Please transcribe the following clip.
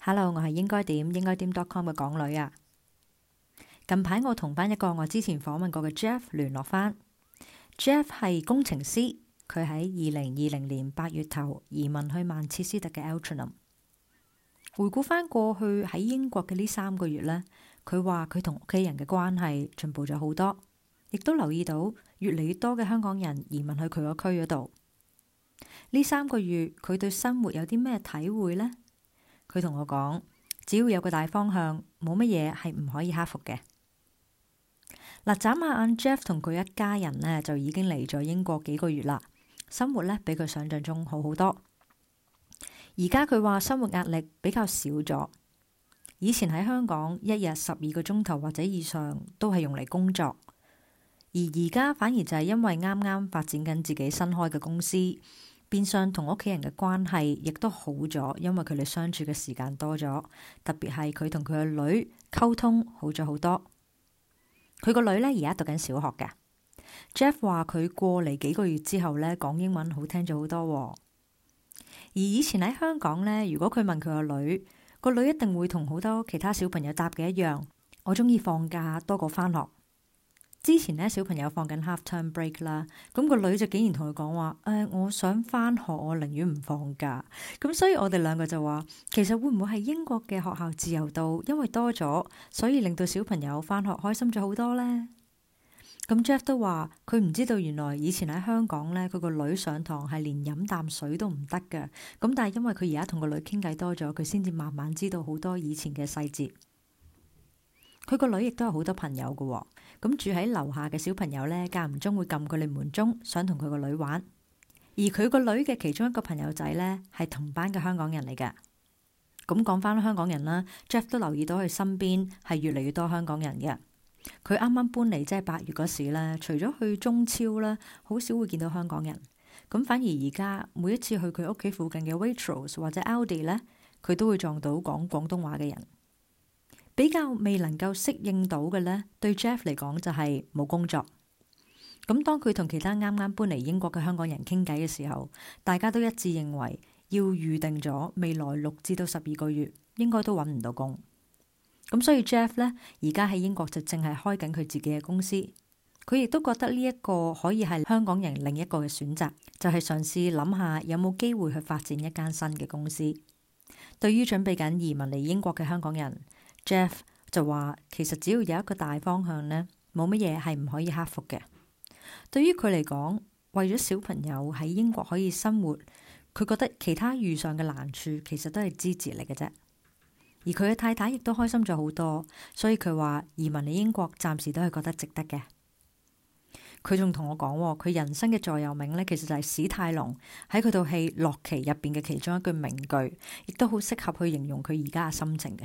Hello，我係應該點應該點 dotcom 嘅港女啊。近排我同翻一個我之前訪問過嘅 Jeff 聯絡翻，Jeff 係工程師，佢喺二零二零年八月頭移民去曼徹斯特嘅 Altrincham。回顧翻過去喺英國嘅呢三個月呢，佢話佢同屋企人嘅關係進步咗好多，亦都留意到越嚟越多嘅香港人移民去佢個區嗰度。呢三個月佢對生活有啲咩體會呢？佢同我講，只要有個大方向，冇乜嘢係唔可以克服嘅。嗱、呃，眨下眼，Jeff 同佢一家人呢，就已經嚟咗英國幾個月啦，生活呢，比佢想象中好好多。而家佢話生活壓力比較少咗，以前喺香港一日十二個鐘頭或者以上都係用嚟工作，而而家反而就係因為啱啱發展緊自己新開嘅公司。變相同屋企人嘅關係亦都好咗，因為佢哋相處嘅時間多咗，特別係佢同佢個女溝通好咗好多。佢個女呢而家讀緊小學嘅，Jeff 話佢過嚟幾個月之後呢講英文好聽咗好多喎。而以前喺香港呢，如果佢問佢個女，個女一定會同好多其他小朋友答嘅一樣，我中意放假多過翻學。之前呢，小朋友放緊 half time break 啦，咁個女就竟然同佢講話：誒、呃，我想返學，我寧願唔放假。咁所以我哋兩個就話，其實會唔會係英國嘅學校自由度因為多咗，所以令到小朋友返學開心咗好多呢？」咁 Jeff 都話，佢唔知道原來以前喺香港呢，佢個女上堂係連飲啖水都唔得嘅。咁但係因為佢而家同個女傾偈多咗，佢先至慢慢知道好多以前嘅細節。佢個女亦都有好多朋友㗎喎，咁住喺樓下嘅小朋友呢，間唔中會撳佢哋門鐘，想同佢個女玩。而佢個女嘅其中一個朋友仔呢，係同班嘅香港人嚟嘅。咁講翻香港人啦，Jeff 都留意到佢身邊係越嚟越多香港人嘅。佢啱啱搬嚟即係八月嗰時呢，除咗去中超啦，好少會見到香港人。咁反而而家每一次去佢屋企附近嘅 Waitrose 或者 Aldi 呢，佢都會撞到講廣東話嘅人。比較未能夠適應到嘅呢，對 Jeff 嚟講就係冇工作。咁當佢同其他啱啱搬嚟英國嘅香港人傾偈嘅時候，大家都一致認為要預定咗未來六至到十二個月，應該都搵唔到工。咁所以 Jeff 呢，而家喺英國就淨係開緊佢自己嘅公司。佢亦都覺得呢一個可以係香港人另一個嘅選擇，就係嘗試諗下有冇機會去發展一間新嘅公司。對於準備緊移民嚟英國嘅香港人，Jeff 就話，其實只要有一個大方向呢，冇乜嘢係唔可以克服嘅。對於佢嚟講，為咗小朋友喺英國可以生活，佢覺得其他遇上嘅難處其實都係支持嚟嘅啫。而佢嘅太太亦都開心咗好多，所以佢話移民嚟英國暫時都係覺得值得嘅。佢仲同我講，佢人生嘅座右銘呢，其實就係史泰龍喺佢套戲《洛奇》入邊嘅其中一句名句，亦都好適合去形容佢而家嘅心情嘅。